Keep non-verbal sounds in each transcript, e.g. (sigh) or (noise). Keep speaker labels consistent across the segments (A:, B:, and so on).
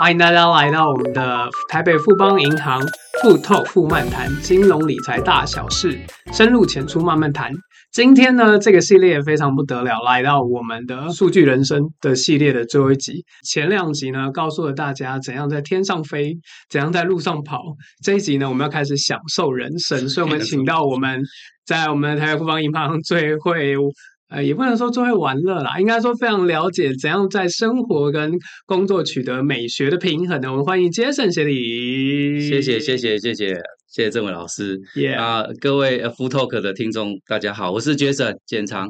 A: 歡迎大家來到我們的台北富邦銀行富透富漫談金融理財大小事，深入淺出慢慢談。今天呢，這個系列非常不得了，來到我們的數據人生的系列的最後一集。前兩集呢，告訴了大家怎樣在天上飛，怎樣在路上跑。這一集呢，我們要開始享受人生，是所以我們請到我們在我們台北富邦銀行最會。呃，也不能說只會玩樂啦，應該說非常了解怎樣在生活跟工作取得美學的平衡呢。我們歡迎 Jason 協理，謝
B: 謝謝謝謝謝謝謝鄭偉老師，啊 Yeah.、呃，各位 Full Talk 的聽眾，大家好，我是 Jason 建昌。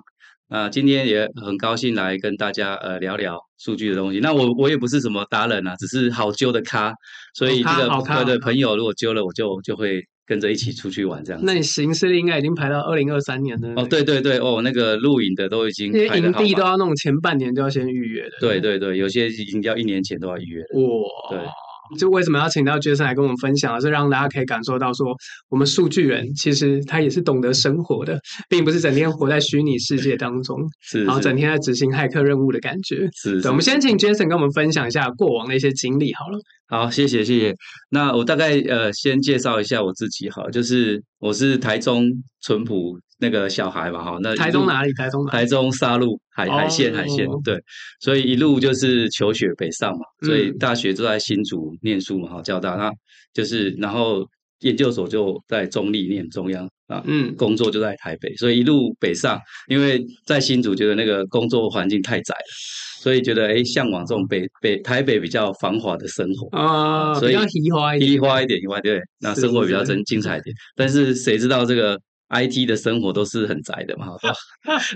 B: 啊、呃，今天也很高興來跟大家呃聊聊數據的東西。那我我也不是什麼達人啊，只是好揪的咖，所以這個對對朋友如果揪了我就就會。跟着一起出去玩這樣子，
A: 那你行程應該已經排到二零二三年了。那個？
B: 哦，對對對，哦，那個露營的都已經，那些營地都要
A: 弄，前半年都要先
B: 預約。對對。對對對，有些已經要一年前都要預約。哇，對。就為什麼要請到
A: Jason 來跟我們分享？是讓大家可以感受到說，我們數據人其實他也是懂得生活的，並不是整天活在虛擬世界當中，是，是，然後整天在執行駭客任務的感覺。是，我們先請 Jason 跟我們分享一下過往的一些經歷好了。
B: 好，謝謝謝謝。那我大概呃先介紹一下我自己，好，就是我是台中淳樸。那個小孩嘛，哈，那台中哪裡？台中台中沙鹿，海海線、哦、海線，哦、對，所以一路就是求學北上嘛，嗯、所以大學就在新竹念書嘛，哈，交大，那就是，然後研究所就在中壢念中央啊，嗯，工作就在台北，所以一路北上，因為在新竹覺得那個工作環境太窄了，所以覺得哎，向、欸、往這種北北台北比較繁華的生活啊，哦、所以要提花一點，提花一點以外，對，那生活比較真精彩一點，是是是，但是誰知道這個？I T 的生活都是很宅的嘛，大、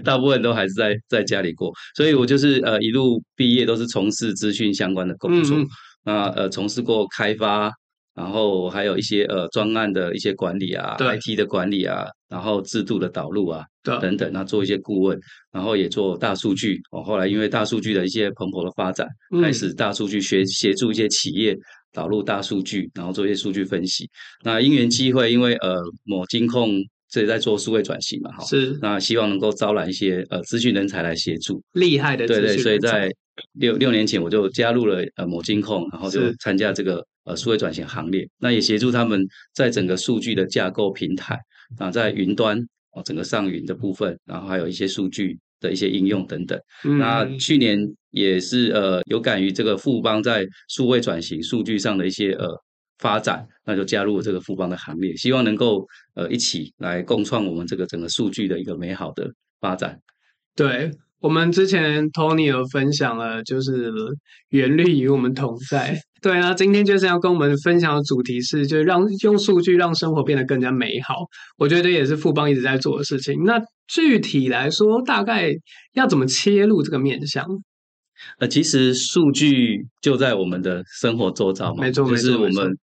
B: 大部分都還是在在家裡過，所以我就是呃一路畢業都是從事資訊相關的工作，嗯嗯那呃從事過開發，然後還有一些呃專案的一些管理啊對，IT 的管理啊，然後制度的導入啊對等等，那做一些顧問，然後也做大數據、哦，後來因為大數據的一些蓬勃的發展，開始大數據學協助一些企業導入大數據，然後做一些數據分析。那因緣機會，因為呃某金控。所以在做數位轉型嘛，哈，是，那希望能夠招攬一些呃資訊人才來協助，厲害的，對，對對，所以在六六年前我就加入了呃某金控，然後就參加這個是呃數位轉型行列，那也協助他們在整個數據的架構平台啊，在雲端整個上雲的部分，然後還有一些數據的一些應用等等。嗯、那去年也是呃有感於這個富邦在數位轉型數據上的一些呃。發展，那就加入了這個富邦的行列，希望能夠呃一起來共創我們這個整個數據的一個美好的發展。
A: 對，我們之前 Tony 有分享了，就是原力與我們同在。 (laughs) 對啊，那今天就是要跟我們分享的主題是，就讓用數據讓生活變得更加美好。我覺得也是富邦一直在做的事情。那具體來說，大概要怎麼切入這個面向？
B: 呃，其實數據就在我們的生活周遭，嘛，沒錯，沒錯，我們。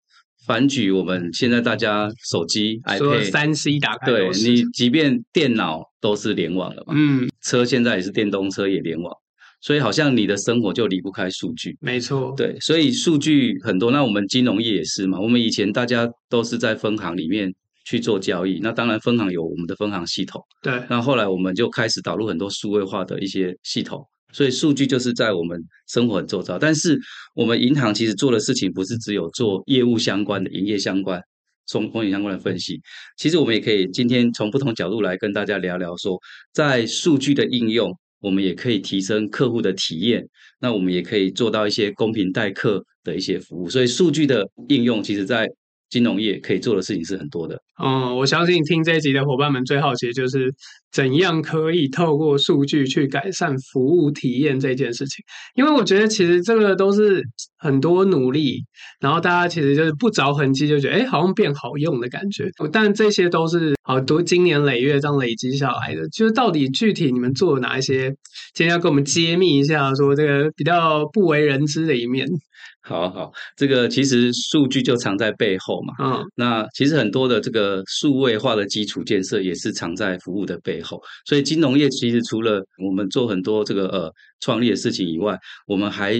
B: 反舉我們現在大家手機、哎，iPad 三
A: C 打開，對你，
B: 即便電腦都是聯網的嘛。嗯，車現在也是電動車也聯網，所以好像你的生活就離不開數據。沒錯，對，所以數據很多。那我們金融業也是嘛。我們以前大家都是在分行裡面去做交易，那當然分行有我們的分行系統。對，那後來我們就開始導入很多數位化的一些系統。所以數據就是在我們生活很周遭，但是我們銀行其實做的事情不是只有做業務相關的、營業相關，從風險相關的分析。其實我們也可以今天從不同角度來跟大家聊聊說，說在數據的應用，我們也可以提升客戶的體驗，那我們也可以做到一些公平待客的一些服務。所以數據的應用，其實在。金融業可以做的事情是很多的。
A: 嗯，我相信聽這一集的夥伴們最好奇的就是怎樣可以透過數據去改善服務體驗這件事情。因為我覺得其實這個都是很多努力，然後大家其實就是不着痕跡就覺得哎，好像變好用的感覺。但這些都是好多經年累月這樣累積下來的。就是到底具體你們做哪一些？今天要跟我們揭秘一下，說
B: 這個比較不為人知的一面。好好，這個其實數據就藏在背後嘛。嗯，那其實很多的這個數位化的基礎建設也是藏在服務的背後。所以金融業其實除了我們做很多這個呃創業的事情以外，我們還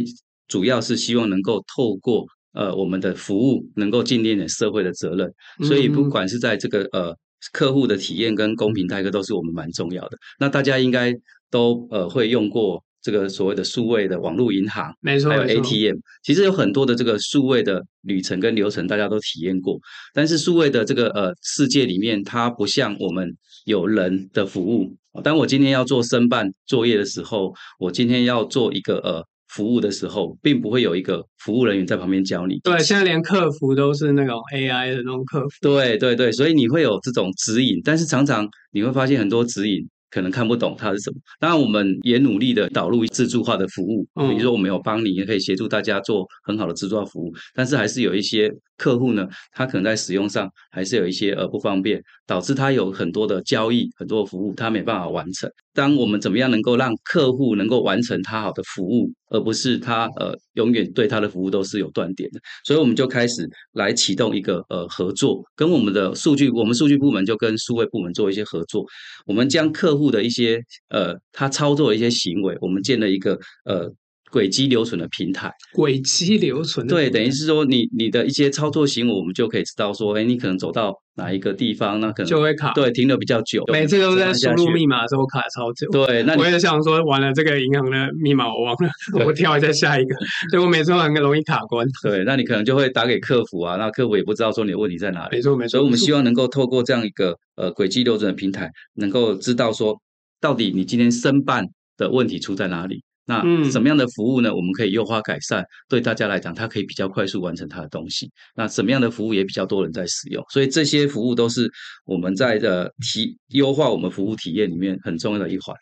B: 主要是希望能夠透過呃我們的服務，能夠盡一點社會的責任。所以不管是在這個呃客戶的體驗跟公平待客，都是我們蠻重要的。那大家應該。都呃會用過這個所謂的數位的網絡銀行，沒錯，還有 ATM，沒錯，其實有很多的這個數位的旅程跟流程，大家都體驗過。但是數位的這個呃世界裡面，它不像我們有人的服務。當我今天要做申辦作業的時候，我今天要做一個呃服務的時候，並不會有一個服務人員在旁邊教你。對，
A: 現在連客服都是那種 AI 的那種客服。
B: 對對對，所以你會有這種指引，但是常常你會發現很多指引，可能看不懂它是什麼，當然我們也努力的導入自助化的服務，嗯、比如說我們有幫你也可以協助大家做很好的自助化服務，但是還是有一些客戶呢，他可能在使用上還是有一些呃不方便，導致他有很多的交易、很多的服務他沒辦法完成。當我們怎麼樣能夠讓客戶能夠完成他好的服務，而不是他呃永遠對他的服務都是有斷點的，所以我們就開始來啟動一個呃合作，跟我們的數據，我們數據部門就跟數位部門做一些合作，我們將客戶的一些呃他操作的一些行為，我們建了一個呃。軌跡留存的平台，
A: 軌跡留存的平台對，等於是
B: 說你你的一些操作行為，我們就可以知道說，哎，你可能走到哪一個地方，那可能就會卡，對，停留比較久。每次都在輸入密
A: 碼的時候卡超久，對。那我
B: 也想說，完了這個銀行的密碼我忘了，對我跳一下下一個，結果每次都很容易卡關。 (laughs) 對，那你可能就會打給客服啊，那客服也不知道說你的問題在哪裡。沒錯沒錯。沒錯所以我們希望能夠透過這樣一個呃軌迹留存的平台，能夠知道說，到底你今天申辦的問題出在哪裡。那什麼樣的服務呢？嗯、我們可以優化改善，對大家來講，它可以比較快速完成它的東西。那什麼樣的服務也比較多人在使用，所以這些服務都是我們在的體、呃、優化我們服務體驗裡面很重要的一環。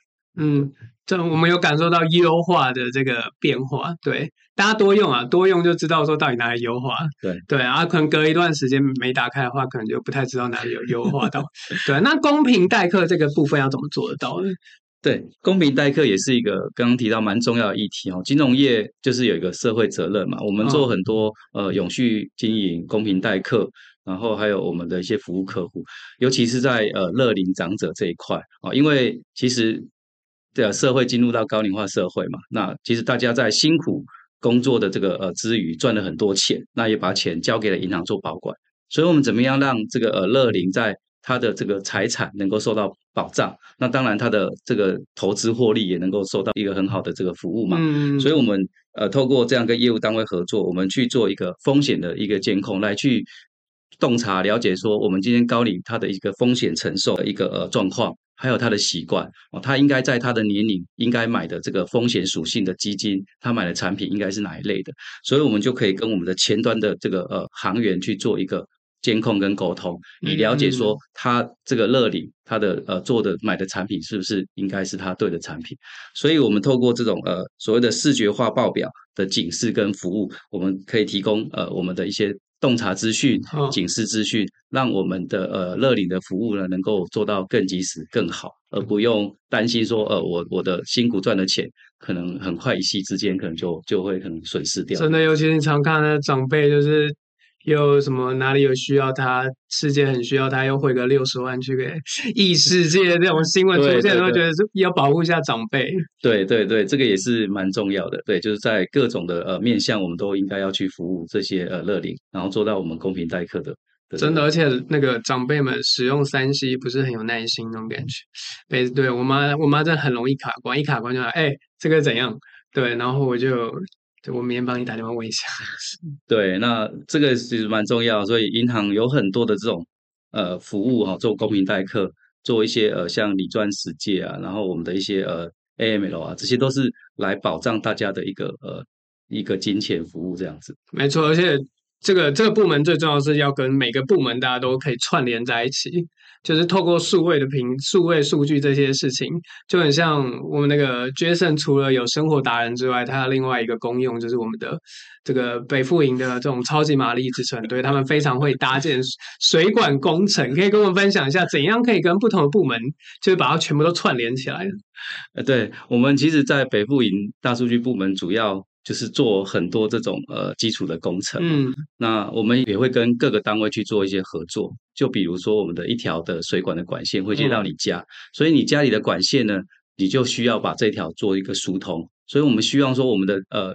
B: 嗯，
A: 這我們有感受到優化的這個變化。對，大家多用啊，多用就知道說到底哪裡優化。對對，啊，可能隔一段時間沒打開的話，可能就不太知道哪裡有優化到。 (laughs) 對，那公平待客這個部分要怎麼做得到呢？
B: 對，公平待客也是一個剛剛提到蠻重要的議題哦。金融業就是有一個社會責任嘛，我們做很多，哦、呃永續經營、公平待客，然後還有我們的一些服務客戶，尤其是在呃樂齡長者這一塊，哦、因為其實對啊社會進入到高齡化社會嘛，那其實大家在辛苦工作的這個呃之餘賺了很多錢，那也把錢交給了銀行做保管，所以我們怎麼樣讓這個呃樂齡在他的這個財產能夠受到保障，那當然他的這個投資獲利也能夠受到一個很好的這個服務嘛。嗯、所以我們呃透過這樣跟業務單位合作，我們去做一個風險的一個監控，來去洞察了解說我們今天高齡他的一個風險承受的一個、呃、狀況，還有他的習慣哦，他應該在他的年齡應該買的這個風險屬性的基金，他買的產品應該是哪一類的，所以我們就可以跟我們的前端的這個呃行員去做一個監控跟溝通，以了解說他這個樂齡他的呃做的買的產品是不是應該是他對的產品？所以，我們透過這種呃所謂的視覺化報表的警示跟服務，我們可以提供呃我們的一些洞察資訊、警示資訊，讓我們的呃樂齡的服務呢能夠做到更及時、更好，而不用擔心說呃我我的辛苦賺的錢可能很快一夕之間可能就就會可能損失掉。真的，
A: 尤其你常看的長輩就是。有什麼哪裡有需要他，世界很需要他，又匯個六十萬去給異世界。這種新聞出現， (laughs) 都覺
B: 得是要保護一下長輩。對對對，對，這個也是蠻重要的。對，就是在各種的呃面向，我們都應該要去服務這些呃樂齡，然後做到我們公平待客的。真的，而且那個長輩們使用三 C 不是很有耐心的那種感
A: 覺。哎，對我媽，我媽真的很容易卡關，一卡關就哎這個怎樣？對，然後我就。對，就我明天幫你打電話問一下。
B: 對，那這個是蠻重要，所以銀行有很多的這種呃服務哈，做公民代客，做一些呃像理鑽世界啊，然後我們的一些呃 AML 啊，這些都是來保障大家的一個呃一個金錢服務這樣子。
A: 沒錯，而且。這個這個部門最重要的是要跟每個部門大家都可以串聯在一起，就是透過數位的平數位數據這些事情，就很像我們那個 Jason，除了有生活達人之外，他有另外一個功用就是我們的這個北富銀的這種超級瑪麗之稱，對他們非常會搭建水管工程，可以跟我們分享一下，怎樣可以跟不同的部門，
B: 就是把它全部都串聯起來的。呃，對我們其實，在北富銀大數據部門主要。就是做很多這種呃基礎的工程，嗯，那我們也會跟各個單位去做一些合作，就比如說我們的一條的水管的管線會接到你家，嗯，所以你家裡的管線呢，你就需要把這條做一個疏通，所以我們希望說我們的呃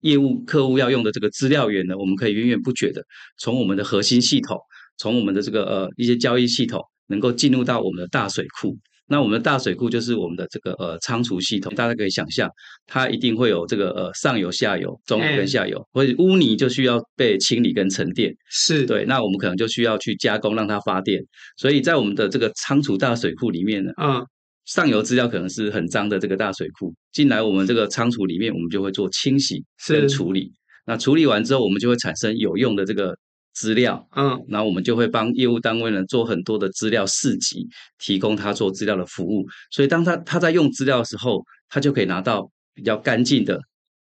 B: 業務客戶要用的這個資料源呢，我們可以源源不絕的從我們的核心系統，從我們的這個呃一些交易系統，能夠進入到我們的大水庫。那我們的大水庫就是我們的這個呃倉儲系統，大家可以想象，它一定會有這個呃上游、下游、中游跟下游，Yeah. 或者污泥就需要被清理跟沉澱。是，對，那我們可能就需要去加工讓它發電。所以在我們的這個倉儲大水庫裡面呢，啊，uh. 上游資料可能是很髒的這個大水庫進來，我們這個倉儲裡面，我們就會做清洗跟處理。是那處理完之後，我們就會產生有用的這個。資料，嗯，那我們就會幫業務單位呢做很多的資料市集，提供他做資料的服務。所以當他他在用資料的時候，他就可以拿到比較乾淨的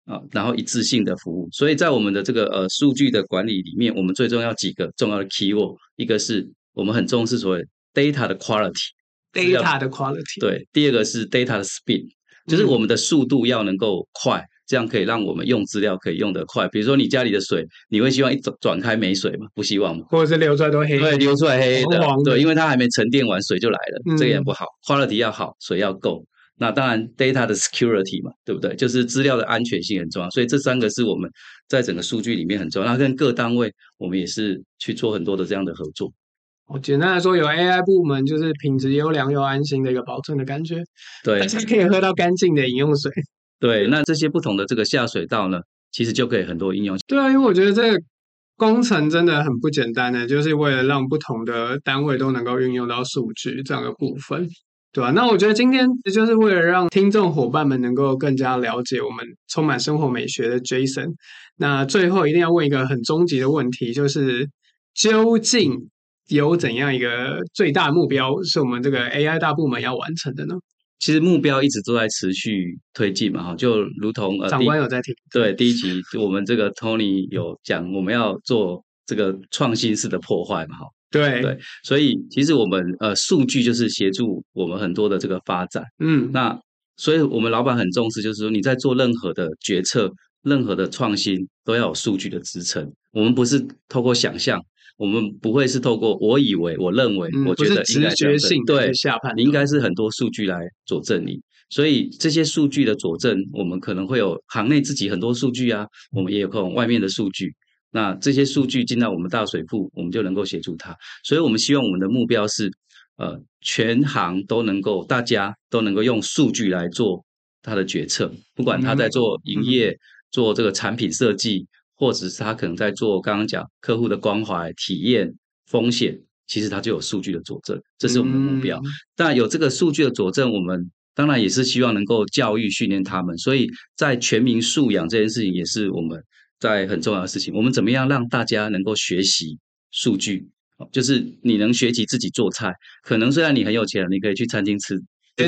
B: 啊，然後一致性的服務。所以在我們的這個呃數據的管理裡面，我們最重要幾個重要的 key word，一個是我們很重視所謂 data 的 quality, data 的 quality，data 的 quality，對，第二個是 data 的 speed，就是我們的速度要能夠快。嗯這樣可以讓我們用資料可以用得快。比如說你家裡的水，你會希望一轉轉開沒水嗎？不希望嘛。
A: 或者是流出來都黑，黑。對，
B: 流出來黑，黑的。黑黑的對，因為它還沒沉澱完，水就來了，嗯、這個也不好。quality 要好，水要夠。那當然，data 的 security 嘛，對不對？就是資料的安全性很重要。所以這三個是我們在整個數據裡面很重要。那跟各單位，我們也是去做很多的這樣的合作。
A: 哦，簡單來說，有 AI 部門，就是品質優良又安心的一個保存的感覺。
B: 對，而且可以喝到乾淨的飲用水。對，那這些不同的這個下水道呢，其實就可以很多應用。對啊，因為我覺得這個工程真的很不
A: 簡單的，就是為了讓不同的單位都能夠運用到數據這樣的部分，對吧？那我覺得今天就是為了讓聽眾夥伴們能夠更加了解我們充滿生活美學的 Jason。那最後一定要問一個很終極的問題，就是究竟有怎樣一個最大目標是我們這個 AI 大部門要完成的呢？
B: 其實目標一直都在持續推進嘛，哈，就如同長官有在聽。呃、對，對 (laughs) 第一集我們這個 Tony 有講，我們要做這個創新式的破壞嘛，哈對。對對，所以其實我們呃，數據就是協助我們很多的這個發展。嗯，那所以我們老板很重視，就是說你在做任何的決策、任何的創新，都要有數據的支撐。我們不是透過想象。我們不會是透過我以為、我認為、我覺得，直覺是對下判。你應該是很多數據來佐證你，所以這些數據的佐證，我們可能會有行內自己很多數據啊，我們也有可能外面的數據。那這些數據進到我們大水庫，我們就能夠協助他。所以我們希望我們的目標是，呃，全行都能夠，大家都能夠用數據來做他的決策，不管他在做營業、做這個產品設計、嗯。嗯嗯或者是他可能在做剛剛講客戶的關懷體驗風險，其實他就有數據的佐證，這是我們的目標。那、嗯、有這個數據的佐證，我們當然也是希望能夠教育訓練他們。所以在全民素養這件事情，也是我們在很重要的事情。我們怎麼樣讓大家能夠學習數據？就是你能學習自己做菜，可能雖然你很有錢了，你可以去餐廳吃，對，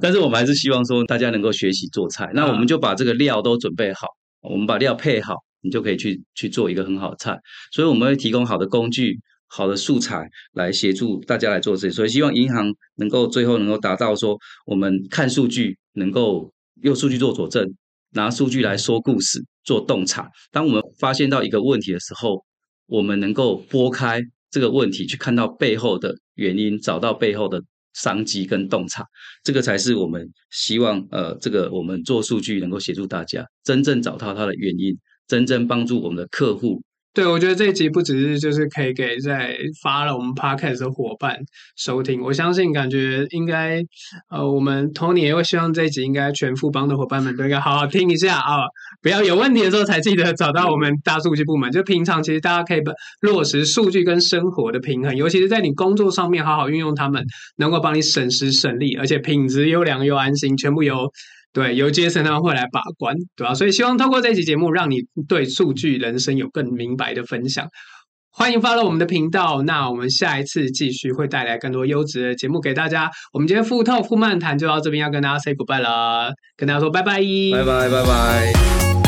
B: 但是我們還是希望說大家能夠學習做菜。啊、那我們就把這個料都準備好。我們把料配好，你就可以去去做一個很好的菜。所以我們會提供好的工具、好的素材來協助大家來做這些。所以希望銀行能夠最後能夠達到說，我們看數據，能夠用數據做佐證，拿數據來說故事、做洞察。當我們發現到一個問題的時候，我們能夠撥開這個問題，去看到背後的原因，找到背後的。商機跟洞察。這個才是我們希望呃，這個我們做數據能夠協助大家真正找到它的原因，真正幫助我們的客戶。對，我覺得這一
A: 集不只是就是可以給在 follow 我們 podcast 的夥伴收聽，我相信感覺應該，呃，我們 Tony 也會希望這一集應該全富邦的夥伴們都應該好好聽一下啊、哦，不要有問題的時候才記得找到我們大數據部門，就平常其實大家可以把落實數據跟生活的平衡，尤其是在你工作上面好好運用它們，能夠幫你省時省力，而且品質優良又安心，全部由。對，由傑森他們會來把關，對吧、啊？所以希望透過這期節目，讓你對數據人生有更明白的分享。歡迎 follow 我們的頻道，那我們下一次繼續會帶來更多優質的節目給大家。我們今天富透富漫談就到這邊，要跟大家 say goodbye 了，跟大家說拜拜，拜拜，
B: 拜拜。